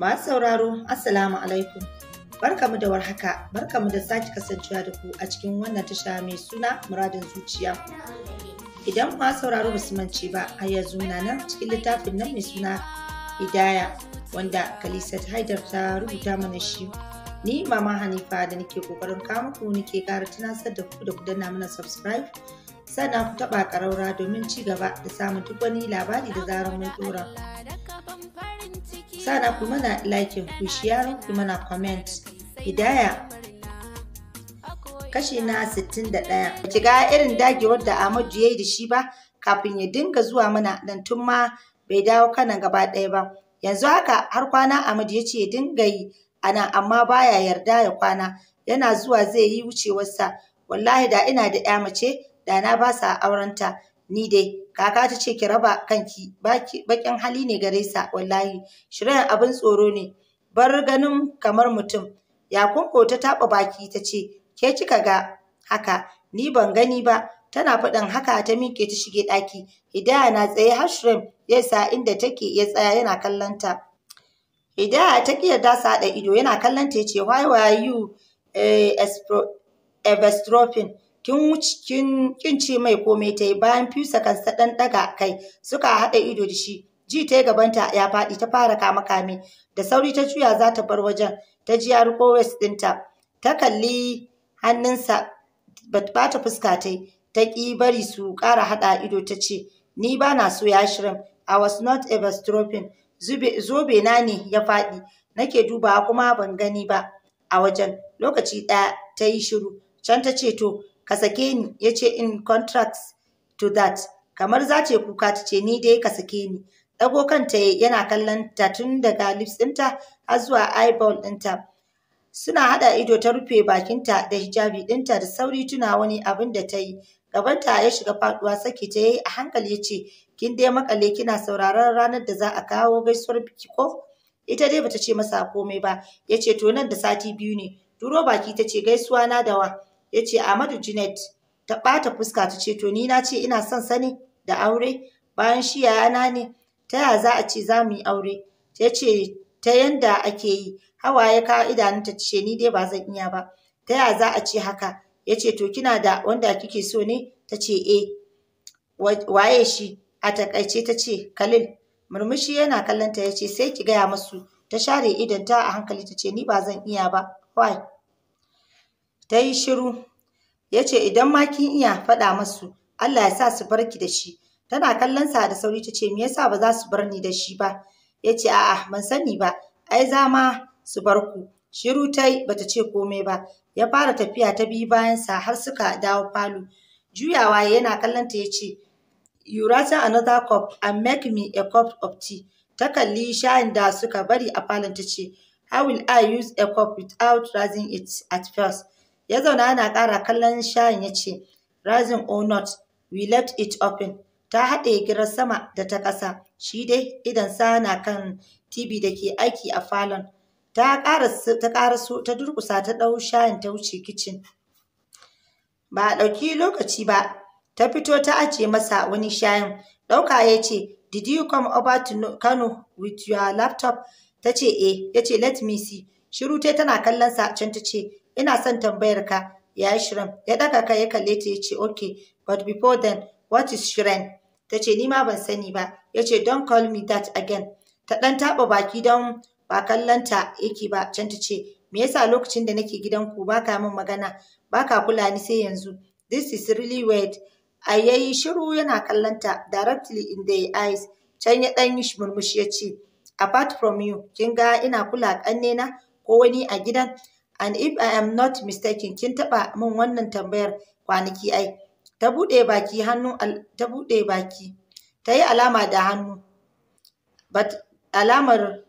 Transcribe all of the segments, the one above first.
Masu sauraro, Assalamu alaikum. Barkamu da warhaka, barkamu da sake kasancewa da ku a cikin wannan tasha mai suna muradin zuciya. Idan a sauraro ba su mance ba, a yanzu na nan cikin littafin nan mai suna Hidaya wanda Khalisat Haidar ta rubuta mana shi. Ni Mama Hanifa da nake kokarin kawo ku nake ƙara tunasar da ku da ku danna mana subscribe. Sannan ku taɓa ƙaraura domin ci gaba da samun duk wani labari da zarar mun ɗora. sannan ku mana like ku share ku mana comment hidaya kashi na 61 ki irin dagewar da Ahmadu yayi da shi ba kafin ya dinga zuwa mana dan tun ma bai dawo kana gaba ɗaya ba yanzu haka har kwana Ahmadu ya ce ya dinga yi ana amma baya yarda ya kwana yana zuwa zai yi wucewarsa wallahi da ina da ƴa mace da na ba sa aurenta ni dai kaka ta ce ki raba kanki bakin hali ne gare sa wallahi shirin abin tsoro ne bar ganin kamar mutum ya kunko ta taba baki ta ce ke kika ga haka ni ban gani ba tana faɗin haka ta miƙe ta shige ɗaki hidaya na tsaye har shirin ya sa inda take ya tsaya yana kallanta ta hidaya ta ƙi yarda sa ido yana kallon ta ya ce why were you eh, kin wuce kin kin ce mai komai ta yi bayan fisa kansa dan daga kai suka haɗa ido da shi ji ta gabanta ya faɗi ta fara kama kame da sauri ta juya za ta bar wajen ta ji ya riko west ɗinta ta kalli hannunsa ba ta fuska ta yi ta ƙi bari su kara haɗa ido ta ce ni ba na so ya shirin I was not ever stropping zobe na ne ya faɗi nake dubawa kuma ban gani ba a wajen lokaci ɗaya ta yi shiru can ta ce to ka sake ni ya ce in contract to that kamar za ce kuka ta ce ni dai ka sake ni ɗago kanta yana kallon ta tun daga lips ɗinta har zuwa eyeball ɗinta suna haɗa ido ta rufe bakinta da hijabi ɗinta da sauri tuna wani abin da ta yi gabanta ya shiga faɗuwa saki ta yi a hankali ya ce kin dai makale kina sauraron ranar da za a kawo gaisuwar biki ko ita dai bata ce masa komai ba ya ce to nan da sati biyu ne duro baki ta ce gaisuwa na da wa ya ce Ahmadu Junet ta ɓata fuska ta ce to ni na ce ina son sani da aure bayan shi yana ne ta ya za a ce za mu yi aure ya ce ta yanda ake yi hawa ya kawo idanun ta ce ni dai ba zan iya ba ta ya za a ce haka ya ce to kina da wanda kike so ne ta ce eh waye shi a takaice ta ce Khalil murmushi yana kallonta ya ce sai ki gaya masu ta share idonta a hankali ta ce ni ba zan iya ba why Ta yi shiru. Ya ce, Idan ma kin iya faɗa masu, Allah ya sa su barki da shi. Tana kallon sa da sauri ta ce, Me yasa ba za su bar ni da shi ba? Ya ce, A'a, ban sani ba, ai za ma su bar ku. Shiru ta yi bata ce komai ba. Ya fara tafiya ta biyu bayansa har suka dawo falo. Juyawa yana kallon ta ya ce, You rattle another cup and make me a cup of tea. Ta kalli shayin da suka bari a falon ta ce, How will I use a cup without raising it at first? Ya zauna ana ƙara kallon shayin ya ce, Rising or not, we left it open. Ta haɗe girar sama da ta ƙasa, shi dai idan sa na kan TV da ke aiki a falon. Ta su ta durƙusa ta ɗau shayin ta wuce kicin. Ba a ɗauki lokaci ba, ta fito ta ajiye masa wani shayin. Ɗauka ya ce, Did you come over to Kano with your laptop? Ta ce, Eh, ya ce, Let me see. Shiru tai tana kallon sa can ta ce, ina son tambayar ka ya shirin ya daga ka ya kalle ta ya ce ok but before then what is shirin ta ce ni ma ban sani ba ya ce don call me that again ta ɗan taɓa baki don ba kallon ta yake ba can ta ce me yasa lokacin da nake gidanku ba ka min magana ba ka kula ni sai yanzu this is really weird a yayi shiru yana kallon directly in the eyes can ya ɗan yi murmushi ya ce apart from you kin ga ina kula kanne na ko wani a gidan and if I am not mistaken kin taɓa min wannan tambayar kwanaki ai ta buɗe baki hannu ta buɗe baki ta yi alama da hannu but alamar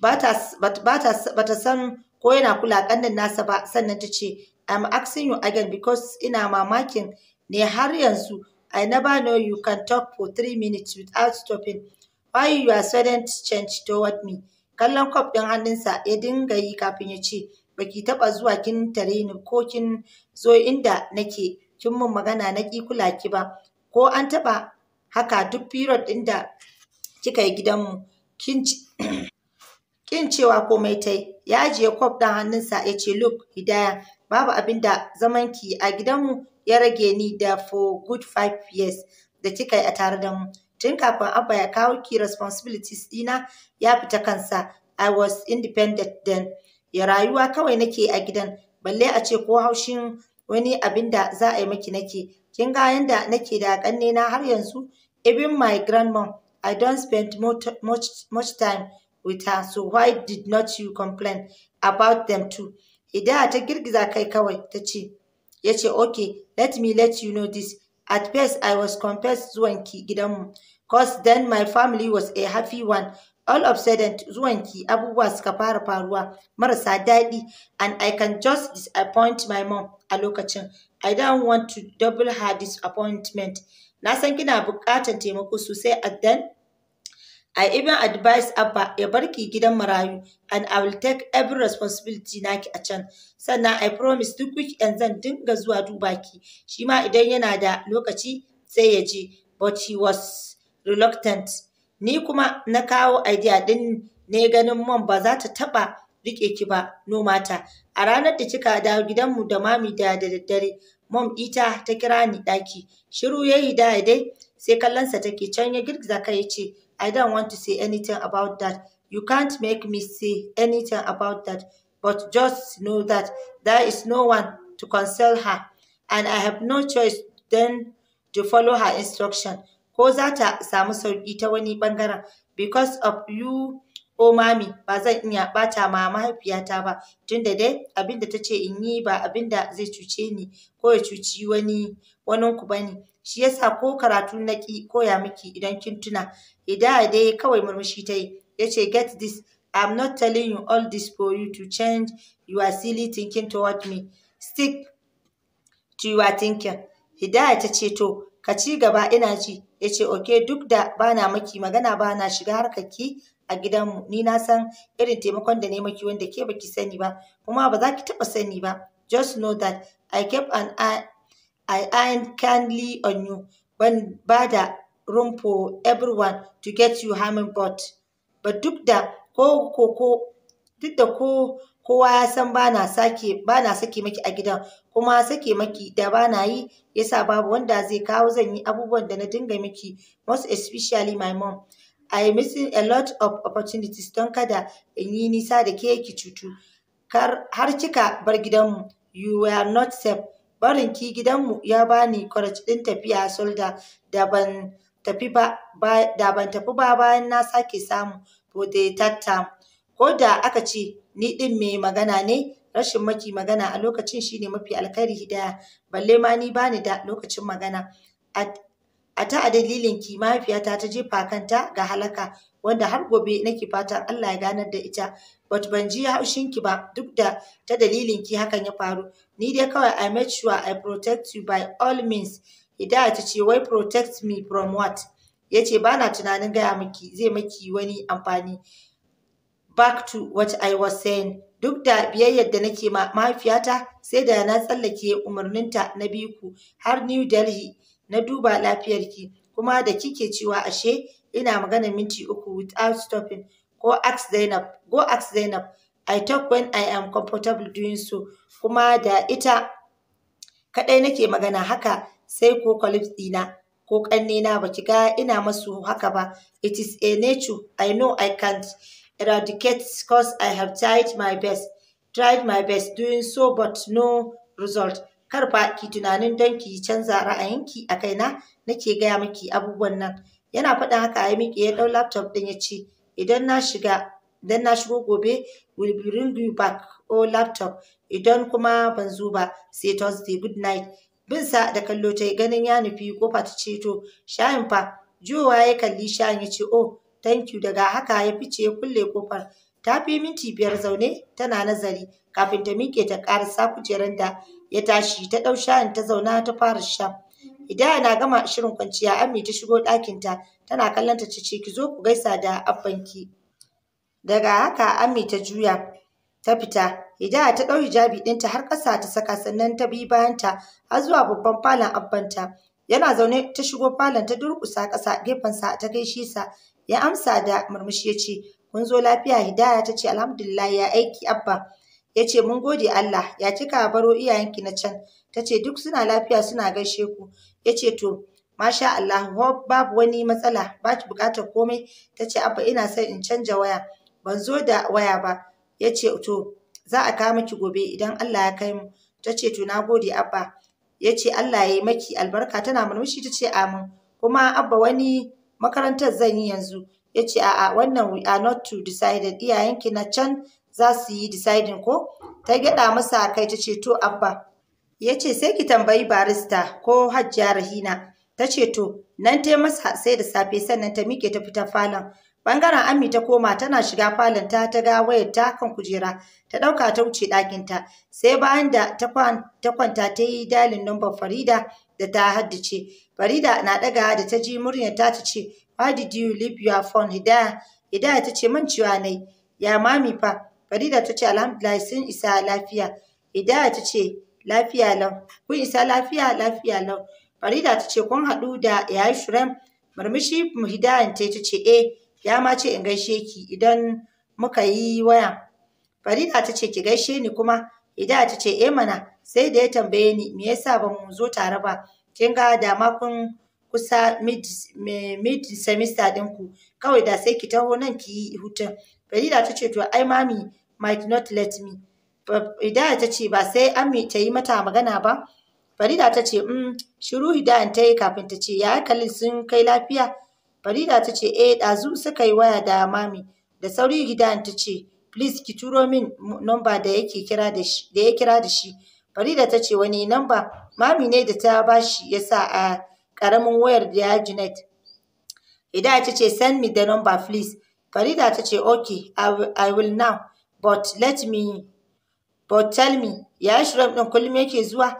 ba ta san ko yana kula ƙannin nasa ba sannan ta ce I'm asking you again because ina mamakin ne har yanzu I never know you can talk for three minutes without stopping. Why you are sudden change toward me? Kallon kwaf ɗin hannunsa ya dinga yi kafin ya ce, baki taɓa zuwa kin tare ni ko kin zo inda nake kin mun magana na ƙi kula ki ba ko an taɓa haka duk period ɗin da kika yi gidanmu kin kin cewa komai tai ya ajiye kwaf ɗin hannunsa ya ce look hidaya babu abin da ki a gidanmu ya rage ni da for good five years da kika yi a tare da mu tun kafin abba ya kawo ki responsibilities ɗina ya fita kansa I was independent then ya rayuwa kawai nake a gidan balle a ce ko haushin wani abin da za a yi maki nake kin ga yanda nake da kanne na har yanzu even my grandma, I don't spend much, time with her so why did not you complain about them too ida ta girgiza kai kawai ta ce ya ce okay let me let you know this at first I was confessed zuwanki gidanmu cause then my family was a happy one all of sudden zuwanki abubuwa suka fara faruwa marasa daɗi and I can just disappoint my mom a lokacin I don't want to double her disappointment na san kina buƙatar taimako sosai a then I even advise Abba ya barki gidan marayu and I will take every responsibility naki a can. Sannan I promise duk yan zan dinga zuwa duba ki. Shi ma idan yana da lokaci sai ya je. But he was reluctant. Ni kuma na kawo idea din ne ganin mom ba za ta taɓa riƙe ki ba nomata. A ranar da kika dawo gidanmu da mami da da daddare, mom ita ta kira ni ɗaki. Shiru yayi yi da dai sai kallonsa take can ya girgiza kai ya ce, I don't want to say anything about that. You can't make me say anything about that. But just know that there is no one to console her, and I have no choice than to follow her instruction. ko za ta samu sauƙi ta wani ɓangaren because of you o oh mami ba zan iya ɓata ma mahaifiyata ba tunda dai abinda ta ce in yi ba abinda zai cuce ni ko ya cuci wani waninku ba ne shi yasa ko karatu na ƙi koya miki idan kin tuna Idan dai kawai murmushi ta yi ya get this I'm not telling you all this for you to change your silly thinking toward me stick to your thinking hidaya ta ce to ka ci gaba ina ji ya ce oke duk da bana maki magana bana shiga harkarki a gidanmu ni na san irin taimakon da ne maki wanda ke baki sani ba kuma ba za ki taɓa sani ba just know that I kept an eye I eye kindly on you ban ba da room for everyone to get you harming but but duk da ko ko ko duk da ko kowa ya san bana sake bana sake maki a gidan kuma sake maki da bana yi yasa babu wanda zai kawo zan yi abubuwan da na dinga miki most especially my mom I missing a lot of opportunities don kada in yi nisa da ke ki cutu har kika bar gidanmu you were not safe barin ki gidanmu ya bani courage din tafiya solda da ban tafi ba da ban tafi ba bayan na sake samu for the third time ko da aka ce ni ɗin mai magana ne rashin maki magana a lokacin shine mafi alkhairi hidaya balle ma ni bani da lokacin magana a ta a dalilin ki mahaifiyata ta jefa kanta ga halaka wanda har gobe nake fatan Allah ya ganar da ita but ban ji haushin ki ba duk da ta dalilin ki hakan ya faru ni dai kawai I make sure I protect you by all means hidaya ta ce wai protect me from what yace bana tunanin gaya miki zai maki wani amfani back to what I was saying. Duk da biyayyar da nake ma mahaifiyata sai da na tsallake umarninta na biku har New Delhi na duba lafiyarki kuma da kike cewa ashe ina magana minti uku without stopping ko ask Zainab go ask Zainab I talk when I am comfortable doing so kuma da ita kadai nake magana haka sai ko colleagues dina ko na baki ga ina masu haka ba it is a nature I know I can't eradicate because I have tried my best, tried my best doing so but no result. Kar fa ki tunanin don ki canza ra'ayinki a kaina nake gaya miki abubuwan nan. Yana faɗin haka ya miƙe ya ɗau laptop ɗin ya ce idan na shiga idan na shigo gobe will bring you back or laptop idan kuma ban zo ba sai Thursday good night. sa da kallo ta ganin ya nufi kofa ta ce to shayin fa juwa ya kalli shayin ya ce oh thank you daga haka ya fice ya kulle kofar ta fi minti biyar zaune tana nazari kafin ta miƙe ta sa kujerar da ya tashi ta ɗau shayin ta zauna ta fara sha Hidaya na gama shirin kwanciya Ami ta shigo ɗakin ta tana kallon ta ce ki zo ku gaisa da abbanki daga haka Ami ta juya ta fita Hidaya ta ɗau hijabi ɗinta har ƙasa ta saka sannan ta bi bayanta har zuwa babban falon abbanta yana zaune ta shigo falon ta durƙusa ƙasa gefensa ta gaishe sa ya amsa da murmushi ya ce kun zo lafiya hidaya ta ce alhamdulillah ya aiki abba ya ce mun gode Allah ya kika baro iyayenki na can ta ce duk suna lafiya suna gaishe ku ya ce to masha Allah babu wani matsala ba ki bukatar komai ta ce abba ina son in canja waya ban zo da waya ba ya ce to za a kawo miki gobe idan Allah ya kai mu ta ce to na gode abba ya ce Allah ya yi maki albarka tana murmushi ta ce amin kuma abba wani makarantar zan yi yanzu ya ce a'a wannan we are not to decided iyayenki na can za su yi deciding ko ta gyada masa kai ta ce to abba ya ce sai ki tambayi barista ko hajjiya rahina ta ce to nan ta yi masa sai da safe sannan ta miƙe ta fita falon bangaren ami ta koma tana shiga falon ta ta ga wayar ta kan kujera ta ɗauka ta wuce ɗakinta sai bayan da ta kwanta ta yi dalin numbar farida da ta haddace. Farida na ɗaga da ta ji murya ta ta ce, Why did you leave your phone? Hidaya, Hidaya ta ce "Man ciwa ne, Ya mami fa, Farida ta ce alhamdulillah sun isa lafiya. Hidaya ta ce lafiya lau, kun isa lafiya lafiya lau. Farida ta ce kun haɗu da yi shirin. Murmushi Hidaya ta ta ce eh, ya ma ce in gaishe ki idan muka yi waya. Farida ta ce ki gaishe ni kuma. Hidaya ta ce eh mana, sai da ya tambaye ni me yasa ba mu zo tare ba kin ga da ma kun kusa mid mid semester din ku kawai da sai ki taho nan ki yi hutun Farida ta ce to ai mami might not let me Hidaya ta ce ba sai Ami ta yi mata magana ba Farida ta ce um shiru Hidayan ta yi kafin ta ce ya kalli sun kai lafiya Farida ta ce eh ɗazu suka yi waya da mami da sauri Hidayan ta ce please ki turo min number da yake kira da shi da ya kira da shi Farida ta ce wani namba mami ne da ta bashi ya sa a ƙaramin wayar da Junet. Ida ta ce send me the number please. Farida ta ce okay I will now but let me but tell me ya shirin ɗin kullum yake zuwa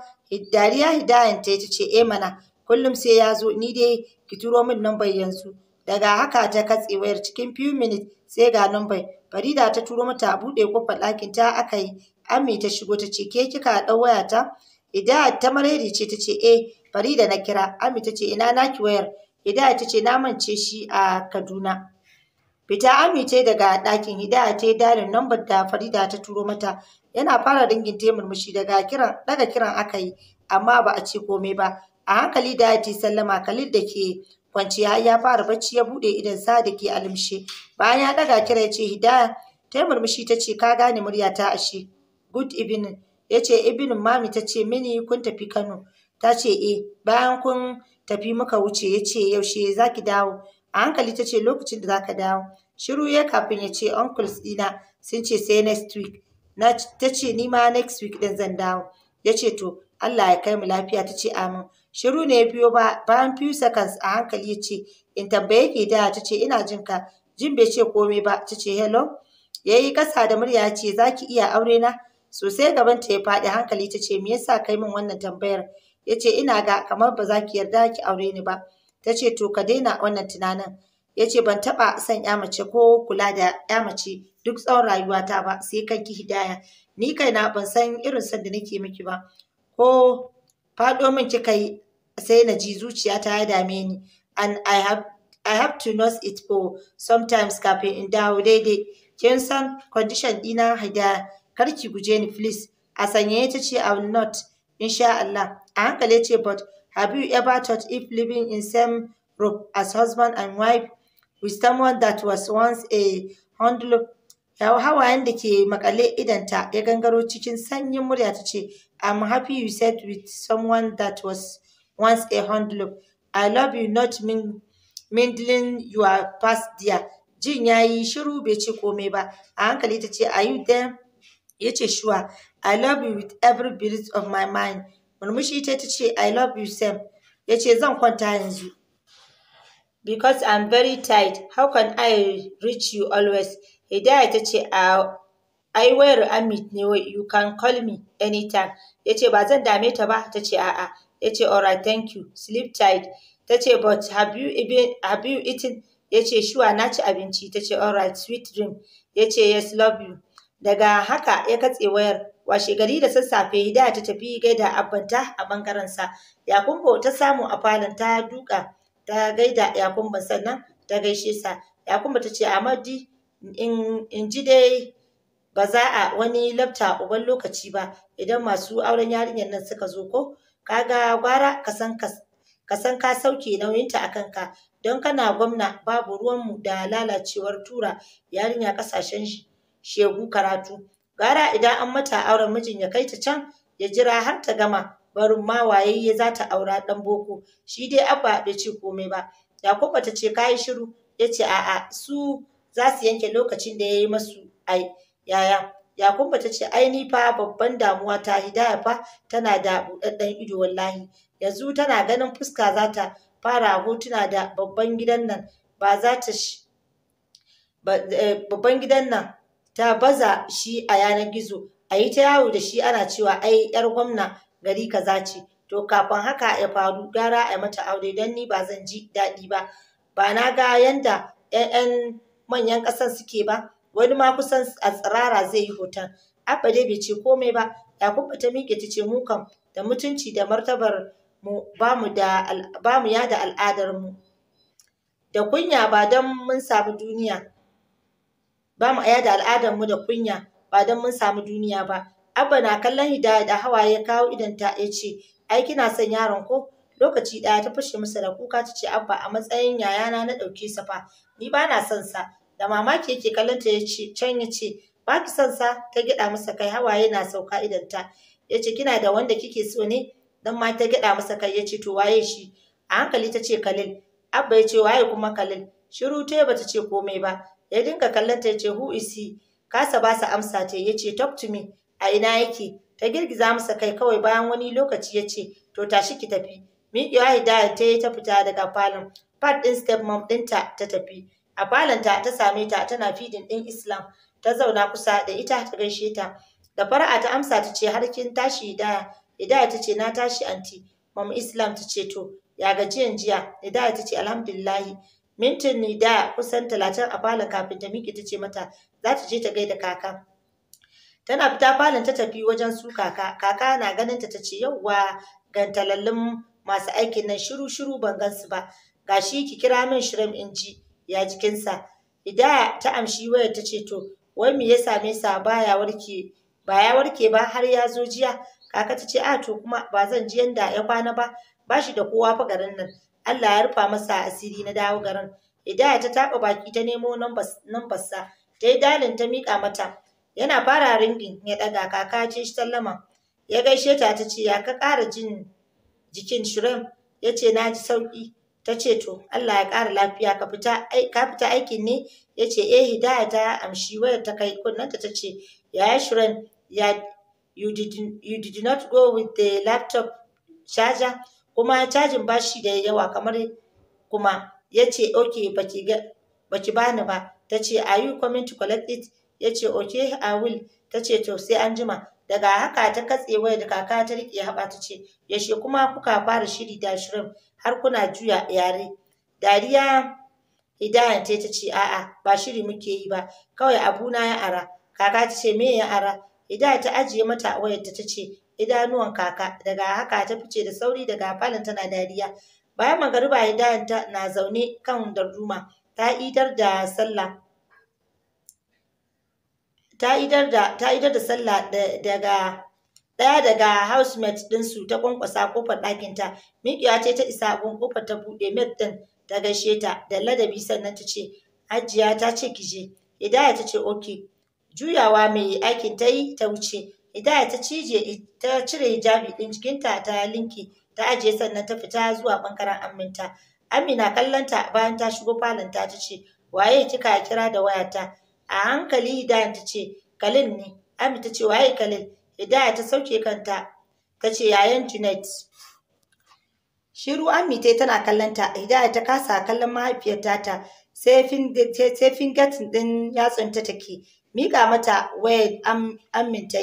dariya hidayen ta ce eh mana kullum sai ya zo ni dai ki turo min number yanzu daga haka ta katse wayar cikin few minutes sai ga number Farida ta turo mata a buɗe kofar ɗakin ta aka yi Ami ta shigo ta ce ke kika waya ta?" Hidayat ta maraidi ce ta ce eh Farida na kira. Ami ta ce ina naki wayar? Hidayat ta ce na mance shi a Kaduna. Fita Ami ce daga ɗakin Hidaya ta yi dalin lambar da Farida ta turo mata. Yana fara ringin ta murmushi daga kiran daga kiran aka yi amma ba a ce komai ba. A hankali da ya sallama Khalil da ke kwanciya ya fara bacci ya buɗe idan sa da ke alimshe. Bayan ya daga kira ya ce Hidaya ta murmushi ta ce ka gane muryata ashe. good evening. ya ce evening mami ta ce mini kun tafi Kano ta ce eh bayan kun tafi muka wuce ya ce yaushe za ki dawo a hankali ta ce lokacin da za ka dawo shiru ya kafin ya ce uncles ɗina sun ce sai next week na ta ce ni ma next week ɗin zan dawo ya ce to Allah ya kai mu lafiya ta ce amin shiru ne ya biyo bayan few seconds a hankali ya ce in tambaye ki da ta ce ina jin ka jin bai ce komai ba ta ce hello ya yi ƙasa da murya ce za ki iya aure na sosai gabanta ya faɗi hankali ta ce me yasa kai min wannan tambayar ya ce ina ga kamar ba za ki yarda ki aure ni ba ta ce to ka daina wannan tunanin ya ce ban taɓa son ya mace ko kula da ya mace duk tsawon rayuwata ba sai kanki hidaya ni kaina ban san irin son da nake miki ba ko faɗo min kika yi sai na ji zuciyata ya dame ni and I have I have to nurse it for sometimes kafin in dawo daidai kin san condition ɗina hidaya kar ki guje ni please a sanye ta ce i will not insha Allah a hankali ce but have you ever thought if living in same room as husband and wife with someone that was once a handler hawayen da ke makale ta. ya gangaro cikin sanyin murya ta ce I'm happy you said with someone that was once a hundred I love you not mindling your past dear jin ya yi shiru bai ce komai ba a hankali ta ce are you there ya ce shuwa I love you with every breath of my mind. Murmushi ta ta ce I love you Sam. Ya ce zan kwanta yanzu. Because I'm very tired. How can I reach you always? Hidaya ta ce I wear amit ne you can call me anytime. Ya ce ba zan dame ta ba ta ce a'a. Ya ce alright thank you sleep tight. Ta ce but have you, even, have you eaten? Ya ce shuwa na ci abinci ta ce alright sweet dream. Ya ce yes love you. daga haka ya katse wayar washe gari da sassafe da ta tafi gaida abbanta a bangarensa yakumbo ta samu a falon ta duka ta gaida yakumbo sannan ta gaishe sa yakumbo ta ce amadi in ji dai ba za a wani labta uban lokaci ba idan masu auren yarinyar nan suka zo ko kaga gwara ka san ka sauke nauyinta a kanka don kana gwamna babu ruwanmu da lalacewar tura yarinya kasashen shi shegu karatu gara idan an mata auren mijin ya kai ta can ya jira har ta gama barin ma wayayye za ta aura dan boko shi dai abba bai ce komai ba yakuba ta ce kayi shiru ya ce a'a su za su yanke lokacin da ya yi masu ai yaya yakuba ta ce ai ni fa babban damuwa ta hidaya fa tana da buɗaɗɗen ido wallahi yanzu tana ganin fuska za ta fara hotuna da babban gidan nan ba za ta eh, babban gidan nan ta baza shi a yanar gizo a yi ta yawo da shi ana cewa ai yar gwamna gari kaza ce to kafin haka ya faru gara a mata aure don ni ba zan ji daɗi ba ba na ga yanda 'ya'yan manyan ƙasar suke ba wani ma kusan a tsirara zai yi hoton abba dai bai ce komai ba kuma ta miƙe ta ce mu kam da mutunci da martabar mu ba mu da al'adar mu da kunya ba don mun samu duniya ba mu aya da al'adarmu da kunya ba don mun samu duniya ba abba na kallon hidaya da hawaye ya kawo idanta ya ce ai kina son yaron ko lokaci ɗaya ta fashe masa da kuka ta ce abba a matsayin yayana na ɗauke sa fa ni ba na son sa da mamaki yake kallon ta ya ce can ya ce ba ki son sa ta gyaɗa masa kai hawaye na sauka idanta ya ce kina da wanda kike so ne dan ma ta gyaɗa masa kai ya ce to waye shi a hankali ta ce kalil abba ya ce waye kuma kalil shiru ta bata ce komai ba ya dinka kallonta ta ce who is he kasa ba sa amsa ta yace, ce talk to me a ina yake ta girgiza masa kai kawai bayan wani lokaci yace to tashi ki tafi miƙewa hidaya ta yi ta fita daga falon pat ɗin step mom ɗinta ta tafi a falonta ta same ta tana fidin ɗin islam ta zauna kusa da ita ta gaishe ta da fara'a ta amsa ta ce har kin tashi hidaya hidaya ta ce na tashi anti mom islam ta ce to ya gajiyan jiya hidaya ta ce alhamdulillahi mintin ni da kusan talatin a falon kafin ta miƙe ta ce mata za ta je ta gaida kaka tana fita falon ta tafi wajen su kaka kaka na ganin ta ta ce yauwa talallin masu aikin nan shiru shiru ban gansu ba gashi ki kira min shirin in ji ya jikinsa ida ta amshi wayar ta ce to wai me ya same sa baya warke ba ya warke ba har ya zo jiya kaka ta ce a to kuma ba zan ji yanda ya kwana ba ba shi da kowa fa garin nan Allah ya rufa masa asiri na dawo garin Hidaya ta taɓa baki ta nemo numfarsa ta yi dalin ta miƙa mata yana fara ringin ya ɗaga kaka ce shi sallama ya gaishe ta ta ce ya ka ƙara jin jikin shirin ya ce na ji sauƙi ta ce to Allah ya ƙara lafiya ka fita aikin ne ya ce eh hidaya ta amshi wayar ta kai kunnanta ta ce yaya shirin ya you did, you did not go with the laptop charger kuma cajin bashi da yawa kamar kuma ya ce okay baki baki bani ba ta ce are you coming to collect it ya ce okay I will ta ce to sai an jima daga haka ta katse waya da kaka ta rike haba ta ce yaushe kuma kuka fara shiri da shirin har kuna juya yare dariya hidaya ta ce a'a ba shiri muke yi ba kawai abuna ya ara kaka ta ce me ya ara hidaya ta ajiye mata wayar ta ce idanuwan kaka daga haka ta fice da sauri daga falon tana dariya bayan magariba hidayan na zaune kan darduma ta idar da sallah ta daga Ɗaya daga housemate ɗinsu ta kwankwasa kofar ɗakinta, Mikiya ce ta isa abun kofar ta buɗe mate ɗin ta gaishe ta da ladabi sannan ta ce, Hajiya ta ce ki je, Hidaya ta ce oke. Juyawa mai aikin ta yi ta wuce, Hidaya ta cije ta cire hijabi ɗin jikinta ta linki ta ajiye sannan ta fita zuwa ɓangaren aminta. Amina kallonta bayan ta shigo falon ta ce waye kika kira da wayata a hankali Hidaya ta ce Kalil ne Amina ta ce waye Kalil Hidaya ta sauke kanta ta ce yayan Junet Shiru Amita tana kallonta Hidaya ta kasa kallon mahaifiyar tata sai fingatin ɗin yatsunta take mika mata wayar Amin ta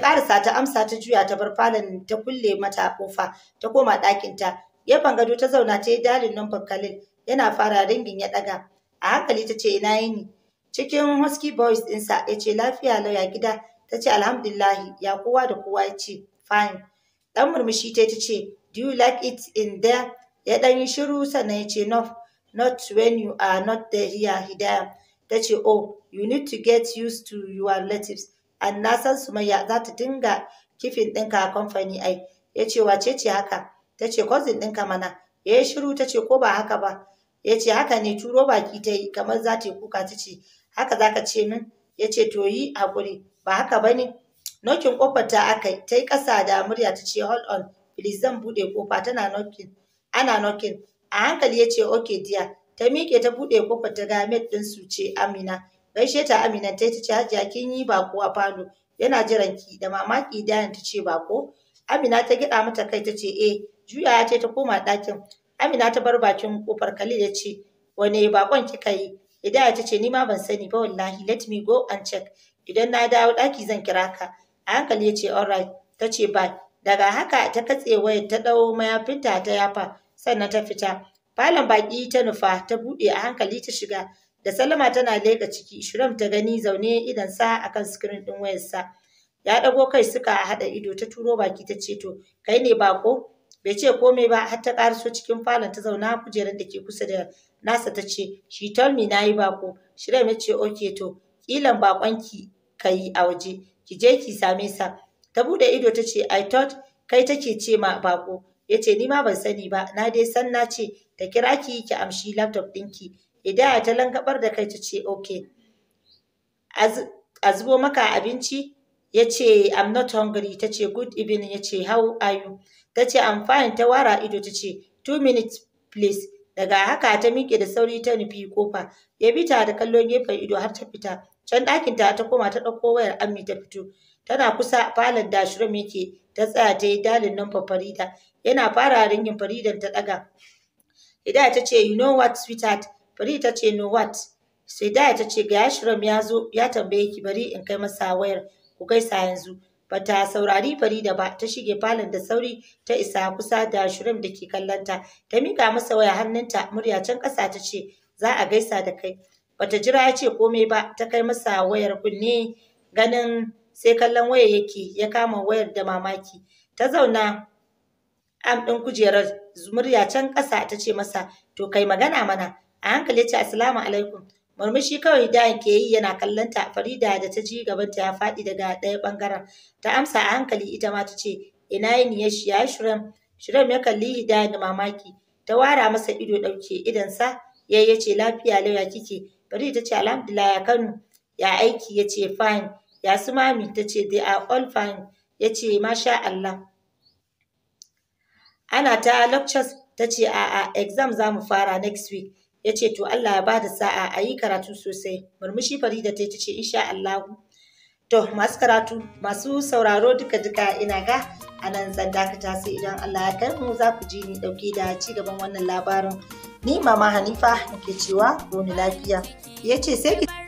ta karasa ta amsa ta juya ta bar falon ta kulle mata kofa ta koma ɗakinta gefen gado ta zauna ta yi dalin numfar kalil yana fara ringin ya ɗaga a hankali ta ce ina yini cikin husky boys ɗinsa ya ce lafiya lauya gida ta ce alhamdulillahi ya kowa da kowa ya ce fine ɗan murmushi ta ta ce do you like it in there ya ɗan yi shiru sannan ya ce no not when you are not there here hidaya ta ce oh you need to get used to your relatives an na san mai za ta dinga kifin ɗinka a kamfani ai ya ce wace ce haka ta ce cousin ɗinka mana ya yi shiru ta ce ko ba haka ba ya ce haka ne turo baki ta yi kamar za ta yi kuka ta ce haka za ka ce min ya ce to yi haƙuri ba haka ba ne nokin ƙofar ta aka ta yi ƙasa da murya ta ce hold on please zan buɗe ƙofa tana nokin ana nokin a hankali ya ce okay dear ta miƙe ta buɗe ƙofar ta ga maid ɗin su ce amina gaishe ta Amina ta ce Hajiya kin yi bako a falo yana jiran ki da mamaki Dayan ta ce bako Amina ta gida mata kai ta ce eh juya ce ta koma ɗakin Amina ta bar bakin kofar Khalil ya ce wane bakon kika yi Hidaya ta ce ni ma ban sani ba wallahi let me go and check idan na dawo ɗaki zan kira ka a hankali ya ce alright ta ce ba, daga haka ta katse wayar ta ɗau mayafinta ta yafa sannan ta fita falon baki ta nufa ta buɗe a hankali ta shiga da Salama tana leƙa ciki Shuram ta gani zaune idan sa akan sikirin ɗin wayarsa ya ɗago kai suka haɗa ido ta turo baki ta ce to kai ne bako bai ce komai ba har ta ƙaraso cikin falon ta zauna kujerar da ke kusa da nasa ta ce she told me nayi bako Shuram ya ce okay to kilan bakonki kayi a waje ki je ki same sa ta bude ido ta ce i thought kai take ce ma bako Yace ni ma ban sani ba na dai san na ce ta kira ki ki amshi laptop ɗinki Hidaya ta langaɓar da kai ta ce, "Ok, a zubo maka abinci?" Ya ce, "I'm not hungry." Ta ce, "Good evening." Ya ce, "How are you?" Ta ce, "I'm fine." Ta wara ido ta ce, "Two minutes, please." Daga haka ta miƙe da sauri ta nufi kofa. Ya bi ta da kallon gefen ido har ta fita. Can ɗakin ta ta koma ta ɗauko wayar Ammi ta fito. Tana kusa falon da Shrum yake ta tsaya ta yi dalin nan Farida. Yana fara ringin Faridan ta ɗaga. Hidaya ta ce, "You know what, sweetheart?" Fari ta ce no what? Sai daya ta ce ga Yashram ya zo ya tambaye ki bari in kai masa wayar ku gaisa yanzu. Bata saurari Farida ba ta shige falon da sauri ta isa kusa da Shurim da ke kallonta. Ta mika masa waya hannunta murya can ƙasa ta ce za a gaisa da kai. Bata jira ya ce komai ba ta kai masa wayar kunne ganin sai kallon waya yake ya kama wayar da mamaki. Ta zauna am ɗin kujerar murya can ƙasa ta ce masa to kai magana mana a hankali ya ce assalamu alaikum murmushi kawai da ke yi yana kallon ta farida da ta ji gabanta ya faɗi daga ɗaya ɓangaren ta amsa a hankali ita ma ta ce ina yin ya shiya shiram ya kalli da da mamaki ta wara masa ido ɗauke idansa ya ya ce lafiya lau ya kike bari ta ce alhamdulillah ya kano ya aiki ya ce fine ya su mami ta ce they are all fine ya ce masha Allah ana ta lectures ta ce a a exam za mu fara next week ya ce to Allah ya bada sa'a a yi karatu sosai murmushi Farida ta ce insha Allahu to masu karatu masu sauraro duka duka ina ga a nan zan dakata sai idan Allah ya kar mu za ku ji ni dauke da ci gaban wannan labarin ni mama Hanifa ke cewa wani lafiya ya ce sai ki